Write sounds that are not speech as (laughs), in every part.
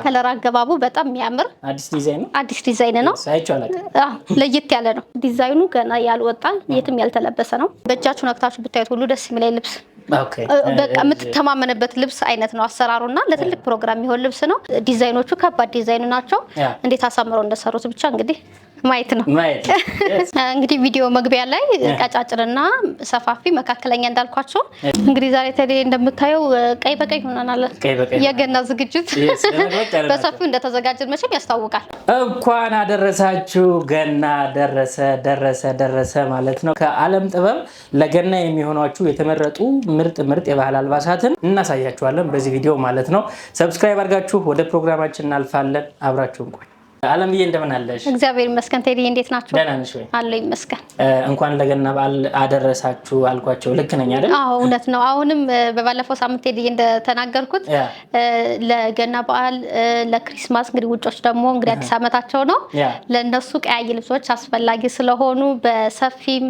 የከለር አገባቡ በጣም የሚያምር አዲስ ዲዛይን ነው። አዲስ ዲዛይን ነው። ለየት ያለ ነው። ዲዛይኑ ገና ያልወጣ የትም ያልተለበሰ ነው። በእጃችሁ ነክታችሁ ብታዩት ሁሉ ደስ የሚላይ ልብስ በቃ የምትተማመንበት ልብስ አይነት ነው። አሰራሩ እና ለትልቅ ፕሮግራም የሚሆን ልብስ ነው። ዲዛይኖቹ ከባድ ዲዛይን ናቸው። እንዴት አሳምረው እንደሰሩት ብቻ እንግዲህ ማየት ነው። (laughs) እንግዲህ ቪዲዮ መግቢያ ላይ ቀጫጭርና ሰፋፊ መካከለኛ እንዳልኳቸው እንግዲህ ዛሬ ተለይ እንደምታየው ቀይ በቀይ ሆነናል። የገና ዝግጅት (laughs) በሰፊው እንደተዘጋጀን መቼም ያስታውቃል። እንኳን አደረሳችሁ። ገና ደረሰ ደረሰ ደረሰ ማለት ነው። ከዓለም ጥበብ ለገና የሚሆኗችሁ የተመረጡ ምርጥ ምርጥ የባህል አልባሳትን እናሳያችኋለን በዚህ ቪዲዮ ማለት ነው። ሰብስክራይብ አድርጋችሁ ወደ ፕሮግራማችን እናልፋለን። አብራችሁ ቆዩ። አለምዬ እንደምን አለሽ? እግዚአብሔር ይመስገን። ቴዲ እንዴት ናችሁ? ደህና ነሽ ወይ? አለ ይመስገን። እንኳን ለገና በዓል አደረሳችሁ አልኳቸው። ልክ ነኝ አይደል? አዎ እውነት ነው። አሁንም በባለፈው ሳምንት ቴዲ እንደተናገርኩት ለገና በዓል ለክሪስማስ፣ እንግዲህ ውጮች ደግሞ እንግዲህ አዲስ ዓመታቸው ነው። ለእነሱ ቀያይ ልብሶች አስፈላጊ ስለሆኑ በሰፊም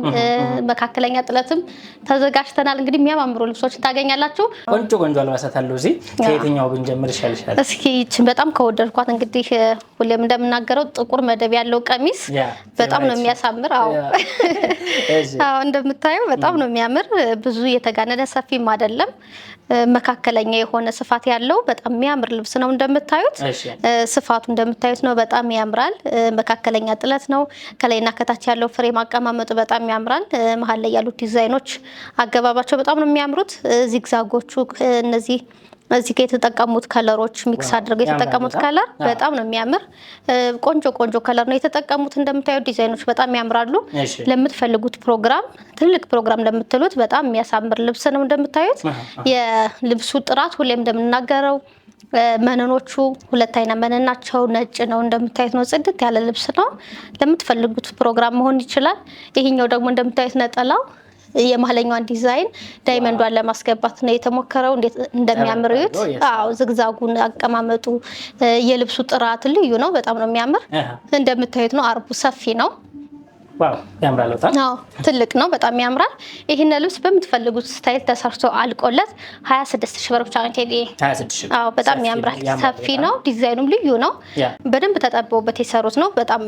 መካከለኛ ጥለትም ተዘጋጅተናል። እንግዲህ የሚያማምሩ ልብሶች ታገኛላችሁ። ቆንጆ ቆንጆ አልባሳት አሉ። እዚህ ከየትኛው ብንጀምር ይሻልሻል? እስኪ ይችን በጣም ከወደድኳት እንግዲህ ሁሌም እንደ እንደምናገረው ጥቁር መደብ ያለው ቀሚስ በጣም ነው የሚያሳምር። (laughs) አዎ እንደምታየው በጣም ነው የሚያምር። ብዙ የተጋነነ ሰፊም አይደለም፣ መካከለኛ የሆነ ስፋት ያለው በጣም የሚያምር ልብስ ነው። እንደምታዩት ስፋቱ እንደምታዩት ነው፣ በጣም ያምራል። መካከለኛ ጥለት ነው። ከላይና ከታች ያለው ፍሬም አቀማመጡ በጣም ያምራል። መሀል ላይ ያሉት ዲዛይኖች አገባባቸው በጣም ነው የሚያምሩት። ዚግዛጎቹ እነዚህ እዚህ ጋር የተጠቀሙት ከለሮች ሚክስ አድርገው የተጠቀሙት ከለር በጣም ነው የሚያምር። ቆንጆ ቆንጆ ከለር ነው የተጠቀሙት። እንደምታዩት ዲዛይኖች በጣም ያምራሉ። ለምትፈልጉት ፕሮግራም፣ ትልቅ ፕሮግራም ለምትሉት በጣም የሚያሳምር ልብስ ነው። እንደምታዩት የልብሱ ጥራት ሁሌም እንደምናገረው መነኖቹ ሁለት አይነ መነን ናቸው። ነጭ ነው እንደምታዩት ነው። ጽድት ያለ ልብስ ነው። ለምትፈልጉት ፕሮግራም መሆን ይችላል። ይሄኛው ደግሞ እንደምታዩት ነጠላው የመሀለኛዋን ዲዛይን ዳይመንዷን ለማስገባት ነው የተሞከረው። እንዴት እንደሚያምር እዩት። አዎ ዝግዛጉን፣ አቀማመጡ፣ የልብሱ ጥራት ልዩ ነው። በጣም ነው የሚያምር። እንደምታዩት ነው። አርቡ ሰፊ ነው። ትልቅ ነው። በጣም ያምራል። ይህን ልብስ በምትፈልጉት ስታይል ተሰርቶ አልቆለት 26 ሺህ ብር ብቻ ነው። በጣም ያምራል። ሰፊ ነው። ዲዛይኑም ልዩ ነው። በደንብ ተጠበውበት የሰሩት ነው። በጣም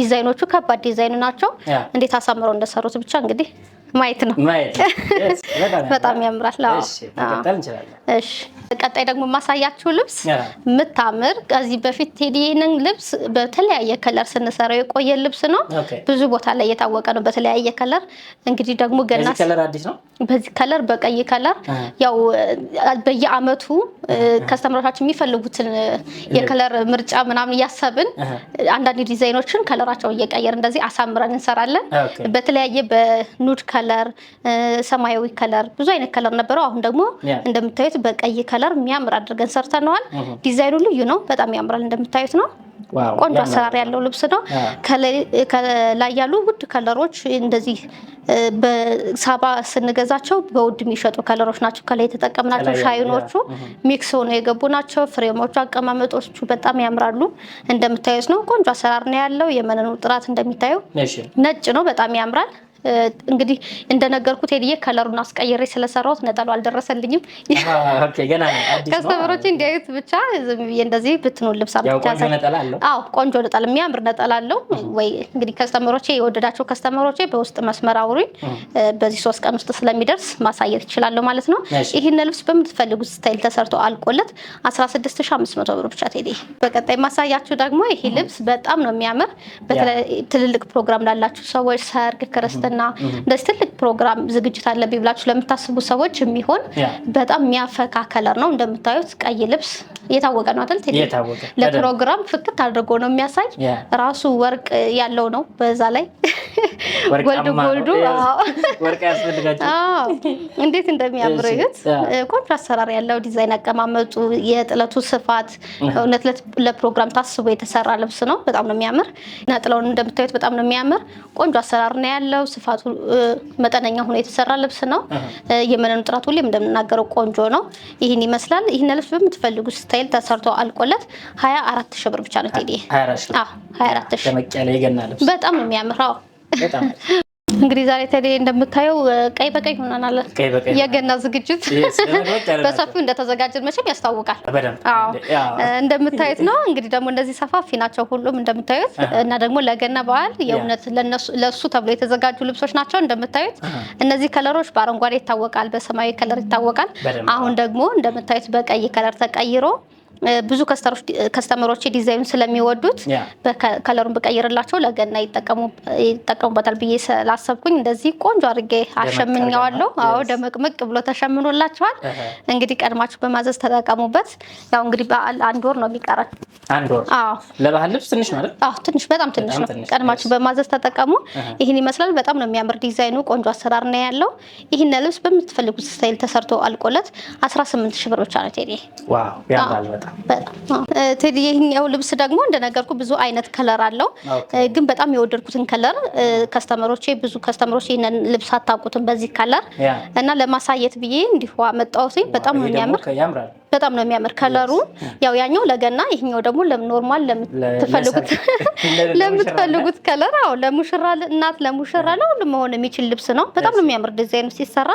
ዲዛይኖቹ ከባድ ዲዛይን ናቸው። እንዴት አሳምረው እንደሰሩት ብቻ እንግዲህ ማየት ነው። (laughs) በጣም ያምራል። ቀጣይ ደግሞ የማሳያችሁ ልብስ የምታምር ከዚህ በፊት ቴዲ ይህንን ልብስ በተለያየ ከለር ስንሰራው የቆየ ልብስ ነው። ብዙ ቦታ ላይ እየታወቀ ነው በተለያየ ከለር። እንግዲህ ደግሞ ገና በዚህ ከለር በቀይ ከለር ያው በየአመቱ ከስተምሮቻችን የሚፈልጉትን የከለር ምርጫ ምናምን እያሰብን አንዳንድ ዲዛይኖችን ከለራቸውን እየቀየር እንደዚህ አሳምረን እንሰራለን። በተለያየ በኑድ ከለር፣ ሰማያዊ ከለር፣ ብዙ አይነት ከለር ነበረው። አሁን ደግሞ እንደምታዩት በቀይ ከለር የሚያምር አድርገን ሰርተነዋል። ዲዛይኑ ልዩ ነው፣ በጣም ያምራል። እንደምታዩት ነው። ቆንጆ አሰራር ያለው ልብስ ነው። ከላይ ያሉ ውድ ከለሮች እንደዚህ በሳባ ስንገዛቸው በውድ የሚሸጡ ከለሮች ናቸው። ከላይ የተጠቀምናቸው ሻይኖቹ ሚክስ ሆነው የገቡ ናቸው። ፍሬሞቹ፣ አቀማመጦቹ በጣም ያምራሉ። እንደምታዩት ነው። ቆንጆ አሰራር ነው ያለው። የመነኑ ጥራት እንደሚታየው ነጭ ነው። በጣም ያምራል። እንግዲህ እንደነገርኩት ሄድዬ ከለሩን አስቀይሬ ስለሰራሁት ነጠሉ አልደረሰልኝም። ከስተመሮች እንዲያዩት ብቻ እንደዚህ ብትኑ ልብስ አዎ፣ ቆንጆ ነጠላ የሚያምር ነጠላ አለው ወይ እንግዲህ ከስተመሮቼ የወደዳቸው ከስተመሮቼ በውስጥ መስመር አውሩኝ። በዚህ ሶስት ቀን ውስጥ ስለሚደርስ ማሳየት ይችላለሁ ማለት ነው። ይህን ልብስ በምትፈልጉት ስታይል ተሰርቶ አልቆለት 16500 ብር ብቻ ቴዲ። በቀጣይ ማሳያችሁ ደግሞ ይህ ልብስ በጣም ነው የሚያምር። በተለይ ትልልቅ ፕሮግራም ላላችሁ ሰዎች ሰርግ፣ ክርስትና እና እንደዚህ ትልቅ ፕሮግራም ዝግጅት አለብኝ ብላችሁ ለምታስቡ ሰዎች የሚሆን በጣም የሚያፈካ ከለር ነው። እንደምታዩት ቀይ ልብስ የታወቀ ነው አይደል? ለፕሮግራም ፍክት አድርጎ ነው የሚያሳይ። ራሱ ወርቅ ያለው ነው። በዛ ላይ ጎልድ (laughs) ጎልዱ እንዴት እንደሚያምር እዩት። ቆንጆ አሰራር ያለው ዲዛይን አቀማመጡ፣ የጥለቱ ስፋት እውነት ለፕሮግራም ታስቦ የተሰራ ልብስ ነው። በጣም ነው የሚያምር። ነጥለውን እንደምታዩት በጣም ነው የሚያምር። ቆንጆ አሰራር ነው ያለው። ስፋቱ መጠነኛ ሆኖ የተሰራ ልብስ ነው። የመነኑ ጥራት ሁሌም እንደምናገረው ቆንጆ ነው። ይህን ይመስላል። ይህን ልብስ በምትፈልጉ ስታይል ተሰርቶ አልቆለት ሀያ አራት ሺህ ብር ብቻ ነው። ቴዲ ሀያ አራት ሺህ በጣም የሚያምር እንግዲህ ዛሬ ተለይ እንደምታየው ቀይ በቀይ ሆነናል። የገና ዝግጅት (laughs) በሰፊው እንደተዘጋጀን መቼም ያስታውቃል። እንደምታዩት ነው እንግዲህ ደግሞ እንደዚህ ሰፋፊ ናቸው ሁሉም እንደምታዩት እና ደግሞ ለገና በዓል የእውነት ለሱ ተብሎ የተዘጋጁ ልብሶች ናቸው። እንደምታዩት እነዚህ ከለሮች በአረንጓዴ ይታወቃል፣ በሰማያዊ ከለር ይታወቃል። አሁን ደግሞ እንደምታዩት በቀይ ከለር ተቀይሮ ብዙ ከስተመሮች ዲዛይኑ ስለሚወዱት ከለሩን ብቀይርላቸው ለገና ይጠቀሙበታል ብዬ ስላሰብኩኝ እንደዚህ ቆንጆ አድርጌ አሸምኘዋለሁ። አዎ ደመቅመቅ ብሎ ተሸምኖላቸዋል። እንግዲህ ቀድማችሁ በማዘዝ ተጠቀሙበት። ያው እንግዲህ በዓል አንድ ወር ነው የሚቀረን። አንድ ለባህል ልብስ ትንሽ ትንሽ፣ በጣም ትንሽ ነው። ቀድማችሁ በማዘዝ ተጠቀሙ። ይህን ይመስላል። በጣም ነው የሚያምር ዲዛይኑ፣ ቆንጆ አሰራር ነው ያለው። ይህን ልብስ በምትፈልጉት ስታይል ተሰርቶ አልቆለት 18 ሺህ ብር ብቻ ነው። ቴዲ ዋው ያምራል በጣም በጣም በጣም ቴዲ፣ ይሄኛው ልብስ ደግሞ እንደነገርኩ ብዙ አይነት ከለር አለው። ግን በጣም የወደድኩትን ከለር ከስተመሮቼ ብዙ ከስተመሮች ይሄንን ልብስ አታውቁትም በዚህ ከለር እና ለማሳየት ብዬ እንዲሁ አመጣሁት። በጣም ነው የሚያምር በጣም ነው የሚያምር ከለሩ። ያው ያኛው ለገና ይሄኛው ደግሞ ለኖርማል ለምትፈልጉት (laughs) ለምትፈልጉት ከለር። አው ለሙሽራ እናት ለሙሽራ ለሁሉ መሆን የሚችል ልብስ ነው። በጣም ነው የሚያምር ዲዛይኑ ሲሰራ።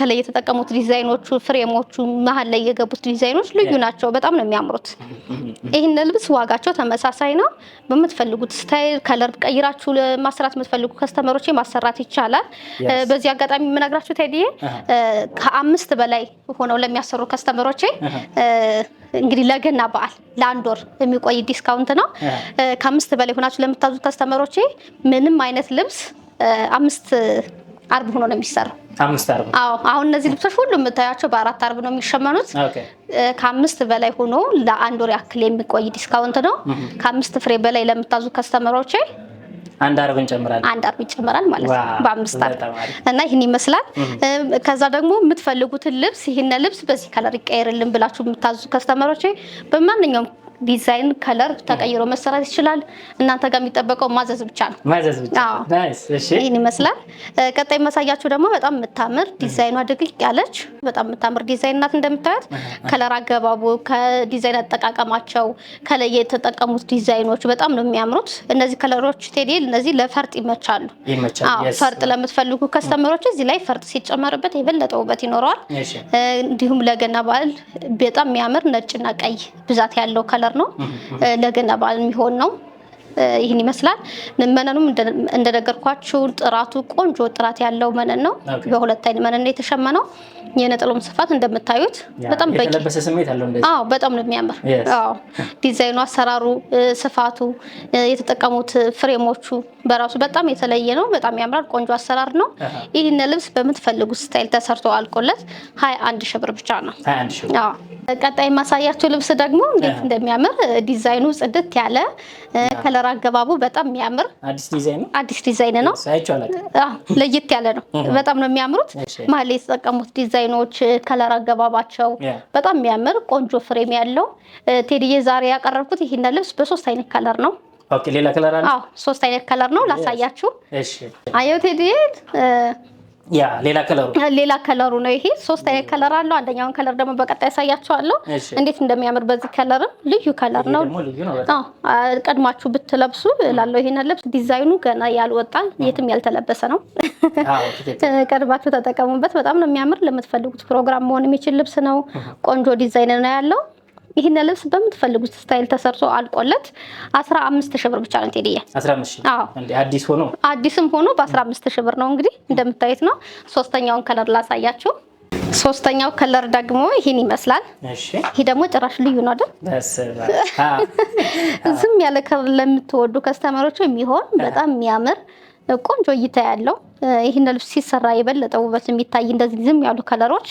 ከላይ የተጠቀሙት ዲዛይኖቹ፣ ፍሬሞቹ፣ መሀል ላይ የገቡት ዲዛይኖች ልዩ ናቸው። በጣም ነው የሚያምሩት። (laughs) ይህን ልብስ ዋጋቸው ተመሳሳይ ነው። በምትፈልጉት ስታይል ከለር ቀይራችሁ ማሰራት የምትፈልጉ ከስተመሮች ማሰራት ይቻላል። በዚህ አጋጣሚ የምነግራችሁ ቴዲዬ ከአምስት በላይ ሆነው ለሚያሰሩ ከስተመሮቼ እንግዲህ ለገና በዓል ለአንድ ወር የሚቆይ ዲስካውንት ነው። ከአምስት በላይ ሆናችሁ ለምታዙት ከስተመሮቼ ምንም አይነት ልብስ አምስት አርብ ሆኖ ነው የሚሰራው። አምስት አርብ። አዎ አሁን እነዚህ ልብሶች ሁሉ የምታያቸው በአራት አርብ ነው የሚሸመኑት። ከአምስት በላይ ሆኖ ለአንድ ወር ያክል የሚቆይ ዲስካውንት ነው። ከአምስት ፍሬ በላይ ለምታዙ ከስተመሮቼ አንድ አርብ እንጨምራለን። አንድ አርብ ይጨምራል ማለት ነው። በአምስት አርብ እና ይህን ይመስላል። ከዛ ደግሞ የምትፈልጉትን ልብስ ይህን ልብስ በዚህ ከለር ይቀየርልን ብላችሁ የምታዙ ከስተመሮች በማንኛውም ዲዛይን ከለር ተቀይሮ መሰራት ይችላል። እናንተ ጋር የሚጠበቀው ማዘዝ ብቻ ነው። ማዘዝ ብቻ ይህን ይመስላል። ቀጣይ መሳያችሁ ደግሞ በጣም የምታምር ዲዛይኗ ድቅቅ ያለች በጣም የምታምር ዲዛይን ናት። እንደምታዩት ከለር አገባቡ፣ ከዲዛይን አጠቃቀማቸው፣ ከለየ የተጠቀሙት ዲዛይኖች በጣም ነው የሚያምሩት። እነዚህ ከለሮች ቴዲ እነዚህ ለፈርጥ ይመቻሉ። ፈርጥ ለምትፈልጉ ከስተመሮች እዚህ ላይ ፈርጥ ሲጨመርበት የበለጠ ውበት ይኖረዋል። እንዲሁም ለገና በዓል በጣም የሚያምር ነጭና ቀይ ብዛት ያለው ከለር ነገር ነው። ለገና በዓል የሚሆን ነው። ይህን ይመስላል። መነኑም እንደነገርኳችሁ ጥራቱ ቆንጆ ጥራት ያለው መነን ነው። በሁለት አይነት መነን የተሸመነው የነጠሎም ስፋት እንደምታዩት በጣም በቂ አዎ፣ በጣም ነው የሚያምር። አዎ፣ ዲዛይኑ፣ አሰራሩ፣ ስፋቱ፣ የተጠቀሙት ፍሬሞቹ በራሱ በጣም የተለየ ነው። በጣም ያምራል። ቆንጆ አሰራር ነው። ይህን ልብስ በምትፈልጉት ስታይል ተሰርቶ አልቆለት ሀያ አንድ ሺህ ብር ብቻ ነው። ቀጣይ የማሳያቸው ልብስ ደግሞ እንዴት እንደሚያምር ዲዛይኑ ጽድት ያለ ከለር አገባቡ በጣም የሚያምር አዲስ ዲዛይን ነው። ለየት ያለ ነው። በጣም ነው የሚያምሩት። መሀል የተጠቀሙት ዲዛይኖች ከለር አገባባቸው በጣም የሚያምር ቆንጆ ፍሬም ያለው ቴዲዬ፣ ዛሬ ያቀረብኩት ይህን ልብስ በሶስት አይነት ከለር ነው። ሌላ ከለር አለ። ሶስት አይነት ከለር ነው ላሳያችሁ። አየው ቴዲዬ ሌላ ከለሩ ነው ይሄ። ሶስት አይነት ከለር አለው። አንደኛውን ከለር ደግሞ በቀጣይ ያሳያቸዋለሁ እንዴት እንደሚያምር። በዚህ ከለርም ልዩ ከለር ነው። ቀድማችሁ ብትለብሱ ላለው ይሄን ልብስ ዲዛይኑ ገና ያልወጣ የትም ያልተለበሰ ነው። (laughs) ቀድማችሁ ተጠቀሙበት። በጣም ነው የሚያምር። ለምትፈልጉት ፕሮግራም መሆን የሚችል ልብስ ነው። ቆንጆ ዲዛይን ነው ያለው። ይህን ልብስ በምትፈልጉት ስታይል ተሰርቶ አልቆለት 15 ሺህ ብር ብቻ ነው ቴዲየ አዲስ ሆኖ አዲስም ሆኖ በ15 ሺህ ብር ነው። እንግዲህ እንደምታየት ነው። ሶስተኛውን ከለር ላሳያችሁ። ሶስተኛው ከለር ደግሞ ይህን ይመስላል። ይህ ደግሞ ጭራሽ ልዩ ነው አይደል? (laughs) ዝም ያለ ከለር ለምትወዱ ከስተመሮች የሚሆን በጣም የሚያምር ቆንጆ እይታ ያለው ይህን ልብስ ሲሰራ የበለጠ ውበት የሚታይ እንደዚህ ዝም ያሉ ከለሮች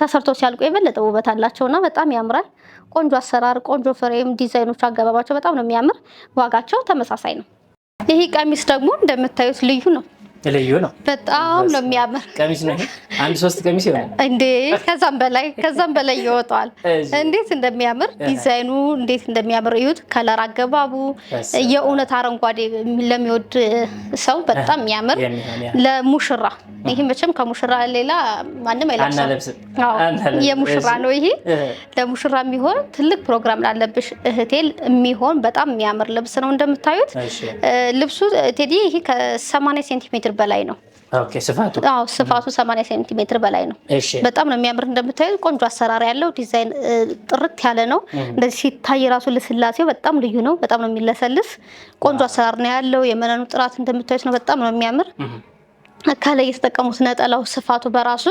ተሰርቶ ሲያልቁ የበለጠ ውበት አላቸውና በጣም ያምራል። ቆንጆ አሰራር፣ ቆንጆ ፍሬም፣ ዲዛይኖቹ አገባባቸው በጣም ነው የሚያምር። ዋጋቸው ተመሳሳይ ነው። ይህ ቀሚስ ደግሞ እንደምታዩት ልዩ ነው፣ ልዩ ነው። በጣም ነው የሚያምር ቀሚስ ነው። አንድ ሶስት ቀሚስ ይሆናል እንዴ? ከዛም በላይ ከዛም በላይ ይወጣል። እንዴት እንደሚያምር ዲዛይኑ እንዴት እንደሚያምር እዩት። ከለር አገባቡ የእውነት አረንጓዴ ለሚወድ ሰው በጣም የሚያምር ለሙሽራ፣ ይሄ መቼም ከሙሽራ ሌላ ማንም አይለብስም። የሙሽራ ነው ይሄ። ለሙሽራ የሚሆን ትልቅ ፕሮግራም ላለብሽ እህቴ የሚሆን በጣም የሚያምር ልብስ ነው። እንደምታዩት ልብሱ ቴዲ ይሄ ከ80 ሴንቲሜትር በላይ ነው። ስፋቱ ስፋቱ 80 ሴንቲሜትር በላይ ነው። በጣም ነው የሚያምር እንደምታዩት ቆንጆ አሰራር ያለው ዲዛይን ጥርት ያለ ነው። እንደዚህ ሲታይ ራሱ ልስላሴው በጣም ልዩ ነው። በጣም ነው የሚለሰልስ ቆንጆ አሰራር ነው ያለው። የመነኑ ጥራት እንደምታዩት ነው። በጣም ነው የሚያምር ከላይ የተጠቀሙት ነጠላው ስፋቱ በራሱ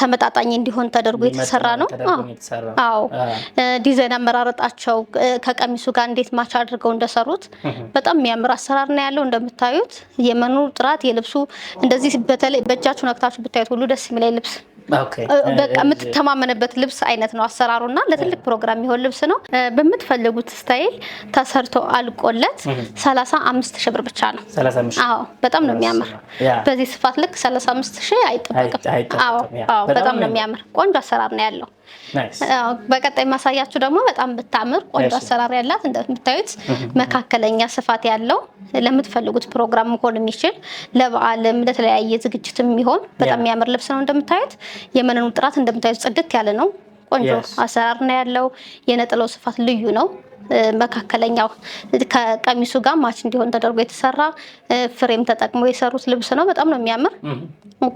ተመጣጣኝ እንዲሆን ተደርጎ የተሰራ ነው። አዎ ዲዛይን አመራረጣቸው ከቀሚሱ ጋር እንዴት ማች አድርገው እንደሰሩት በጣም የሚያምር አሰራር ነው ያለው። እንደምታዩት የመኑ ጥራት የልብሱ እንደዚህ በተለይ በእጃችሁ ነክታችሁ ብታዩት ሁሉ ደስ የሚላይ ልብስ በቃ የምትተማመንበት ልብስ አይነት ነው አሰራሩ እና ለትልቅ ፕሮግራም የሚሆን ልብስ ነው። በምትፈልጉት ስታይል ተሰርቶ አልቆለት 35 ሺህ ብር ብቻ ነው። አዎ በጣም ነው የሚያምር። በዚህ ስፋት ልክ 35 ሺህ አይጠበቅም። አዎ አዎ በጣም ነው የሚያምር። ቆንጆ አሰራር ነው ያለው። በቀጣይ ማሳያችሁ ደግሞ በጣም ብታምር ቆንጆ አሰራር ያላት እንደምታዩት መካከለኛ ስፋት ያለው ለምትፈልጉት ፕሮግራም መሆን የሚችል ለበዓልም ለተለያየ ዝግጅት የሚሆን በጣም የሚያምር ልብስ ነው እንደምታዩት የመነኑ ጥራት እንደምታዩት ጽድት ያለ ነው። ቆንጆ አሰራር ነው ያለው። የነጠለው ስፋት ልዩ ነው። መካከለኛው ከቀሚሱ ጋር ማች እንዲሆን ተደርጎ የተሰራ ፍሬም ተጠቅመው የሰሩት ልብስ ነው። በጣም ነው የሚያምር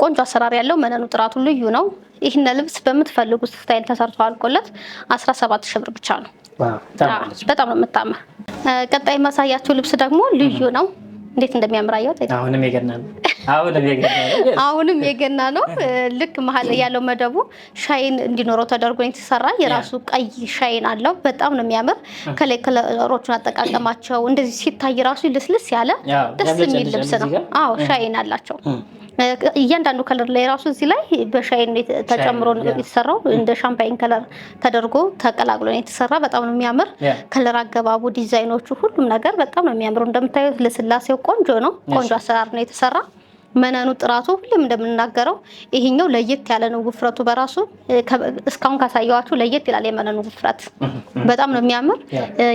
ቆንጆ አሰራር ያለው መነኑ ጥራቱ ልዩ ነው። ይህን ልብስ በምትፈልጉት ስታይል ተሰርቶ አልቆለት 17 ሺህ ብር ብቻ ነው። በጣም ነው የምታምር። ቀጣይ ማሳያችሁ ልብስ ደግሞ ልዩ ነው። እንዴት እንደሚያምር አየሁት። አሁንም የገና ነው። አሁንም የገና ነው። (laughs) ልክ መሀል ያለው መደቡ ሻይን እንዲኖረው ተደርጎ የተሰራ የራሱ ቀይ ሻይን አለው። በጣም ነው የሚያምር። ከላይ ከለሮቹን አጠቃቀማቸው እንደዚህ ሲታይ ራሱ ልስልስ ያለ ደስ የሚል ልብስ ነው። አዎ ሻይን አላቸው። እያንዳንዱ ከለር ላይ ራሱ እዚህ ላይ በሻይ ተጨምሮ የተሰራው እንደ ሻምፓይን ከለር ተደርጎ ተቀላቅሎ ነው የተሰራ። በጣም ነው የሚያምር ከለር አገባቡ፣ ዲዛይኖቹ፣ ሁሉም ነገር በጣም ነው የሚያምሩ። እንደምታዩት ለስላሴው ቆንጆ ነው። ቆንጆ አሰራር ነው የተሰራ። መነኑ ጥራቱ ሁሌም እንደምናገረው ይሄኛው ለየት ያለ ነው። ውፍረቱ በራሱ እስካሁን ካሳየዋችሁ ለየት ይላል። የመነኑ ውፍረት በጣም ነው የሚያምር።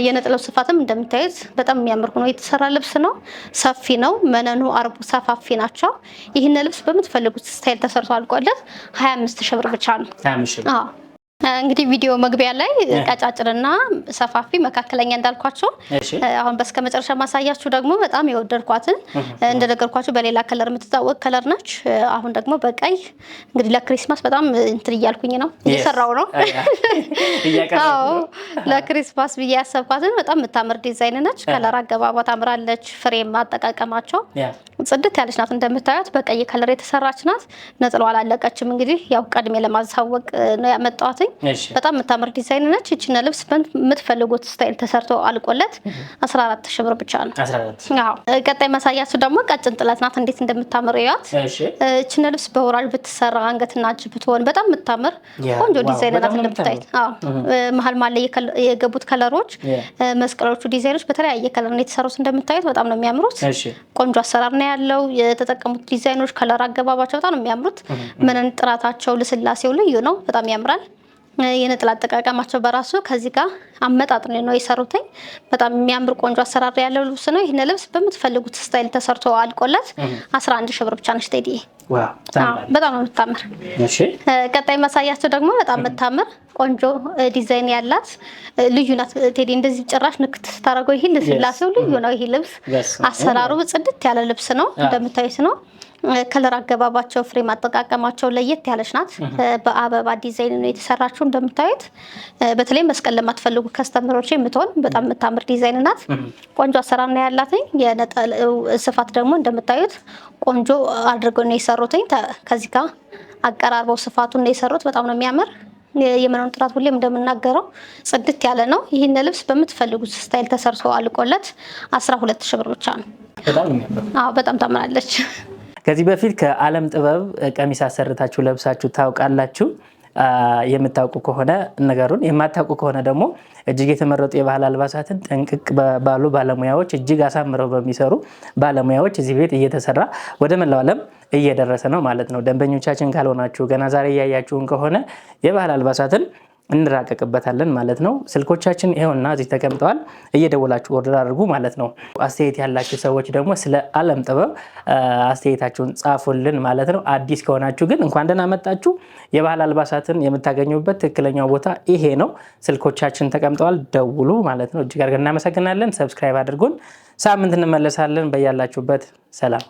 የነጥለው ስፋትም እንደምታዩት በጣም የሚያምር ሆኖ የተሰራ ልብስ ነው። ሰፊ ነው መነኑ፣ አርቡ ሰፋፊ ናቸው። ይህን ልብስ በምትፈልጉት ስታይል ተሰርቶ አልቆለት 25 ሺህ ብር ብቻ ነው። እንግዲህ ቪዲዮ መግቢያ ላይ ቀጫጭንና ሰፋፊ መካከለኛ እንዳልኳቸው አሁን በስከ መጨረሻ ማሳያችሁ ደግሞ በጣም የወደድኳትን እንደነገርኳቸው በሌላ ከለር የምትታወቅ ከለር ነች። አሁን ደግሞ በቀይ እንግዲህ ለክሪስማስ በጣም እንትን እያልኩኝ ነው እየሰራው ነው። ለክሪስማስ ብዬ ያሰብኳትን በጣም የምታምር ዲዛይን ነች። ከለር አገባቧ ታምራለች። ፍሬም አጠቃቀማቸው ጽድት ያለች ናት። እንደምታዩት በቀይ ከለር የተሰራች ናት። ነጥሎ አላለቀችም። እንግዲህ ያው ቀድሜ ለማሳወቅ ነው ያመጣዋትኝ በጣም የምታምር ዲዛይን ነች። ይችነ ልብስ የምትፈልጉት ስታይል ተሰርቶ አልቆለት 14 ሺህ ብር ብቻ ነው። ቀጣይ መሳያችሁ ደግሞ ቀጭን ጥለት ናት። እንዴት እንደምታምር እያት። ይችነ ልብስ በወራጅ ብትሰራ አንገትና እጅ ብትሆን በጣም የምታምር ቆንጆ ዲዛይን ናት። እንደምታይ መሀል ማለ የገቡት ከለሮች፣ መስቀሎቹ ዲዛይኖች በተለያየ ከለር ነው የተሰሩት። እንደምታዩት በጣም ነው የሚያምሩት። ቆንጆ አሰራር ነው ያለው። የተጠቀሙት ዲዛይኖች ከለር አገባባቸው በጣም ነው የሚያምሩት። ምንን ጥራታቸው፣ ልስላሴው ልዩ ነው። በጣም ያምራል። የነጥላ አጠቃቀማቸው በራሱ ከዚህ ጋር አመጣጥን ነው የሰሩትኝ። በጣም የሚያምር ቆንጆ አሰራር ያለው ልብስ ነው። ይህን ልብስ በምትፈልጉት ስታይል ተሰርቶ አልቆለት 11 ሺህ ብር ብቻ ነች። ቴዲ በጣም ነው የምታምር። ቀጣይ መሳያቸው ደግሞ በጣም የምታምር ቆንጆ ዲዛይን ያላት ልዩ ናት ቴዲ። እንደዚህ ጭራሽ ንክት ስታደርገው ይሄ ልዩ ነው። ይሄ ልብስ አሰራሩ ጽድት ያለ ልብስ ነው እንደምታዩት ነው ከለር አገባባቸው ፍሬም አጠቃቀማቸው ለየት ያለች ናት። በአበባ ዲዛይን ነው የተሰራችው። እንደምታዩት በተለይ መስቀል ለማትፈልጉ ከስተምሮች የምትሆን በጣም የምታምር ዲዛይን ናት። ቆንጆ አሰራር ነው ያላትኝ። የነጠል ስፋት ደግሞ እንደምታዩት ቆንጆ አድርገው ነው የሰሩትኝ። ከዚህ ጋር አቀራርበው ስፋቱን ነው የሰሩት። በጣም ነው የሚያምር። የመነኑ ጥራት ሁሌም እንደምናገረው ጽድት ያለ ነው። ይህን ልብስ በምትፈልጉት ስታይል ተሰርቶ አልቆለት አስራ ሁለት ሺህ ብር ብቻ ነው። በጣም ታምራለች። ከዚህ በፊት ከዓለም ጥበብ ቀሚስ አሰርታችሁ ለብሳችሁ ታውቃላችሁ? የምታውቁ ከሆነ ነገሩን፣ የማታውቁ ከሆነ ደግሞ እጅግ የተመረጡ የባህል አልባሳትን ጠንቅቅ ባሉ ባለሙያዎች እጅግ አሳምረው በሚሰሩ ባለሙያዎች እዚህ ቤት እየተሰራ ወደ መላው ዓለም እየደረሰ ነው ማለት ነው። ደንበኞቻችን ካልሆናችሁ ገና ዛሬ እያያችሁን ከሆነ የባህል አልባሳትን እንራቀቅበታለን ማለት ነው። ስልኮቻችን ይኸውና እዚህ ተቀምጠዋል። እየደወላችሁ ኦርደር አድርጉ ማለት ነው። አስተያየት ያላችሁ ሰዎች ደግሞ ስለ ዓለም ጥበብ አስተያየታችሁን ጻፉልን ማለት ነው። አዲስ ከሆናችሁ ግን እንኳን ደህና መጣችሁ። የባህል አልባሳትን የምታገኙበት ትክክለኛው ቦታ ይሄ ነው። ስልኮቻችን ተቀምጠዋል። ደውሉ ማለት ነው። እጅግ አድርገን እናመሰግናለን። ሰብስክራይብ አድርጉን። ሳምንት እንመለሳለን። በያላችሁበት ሰላም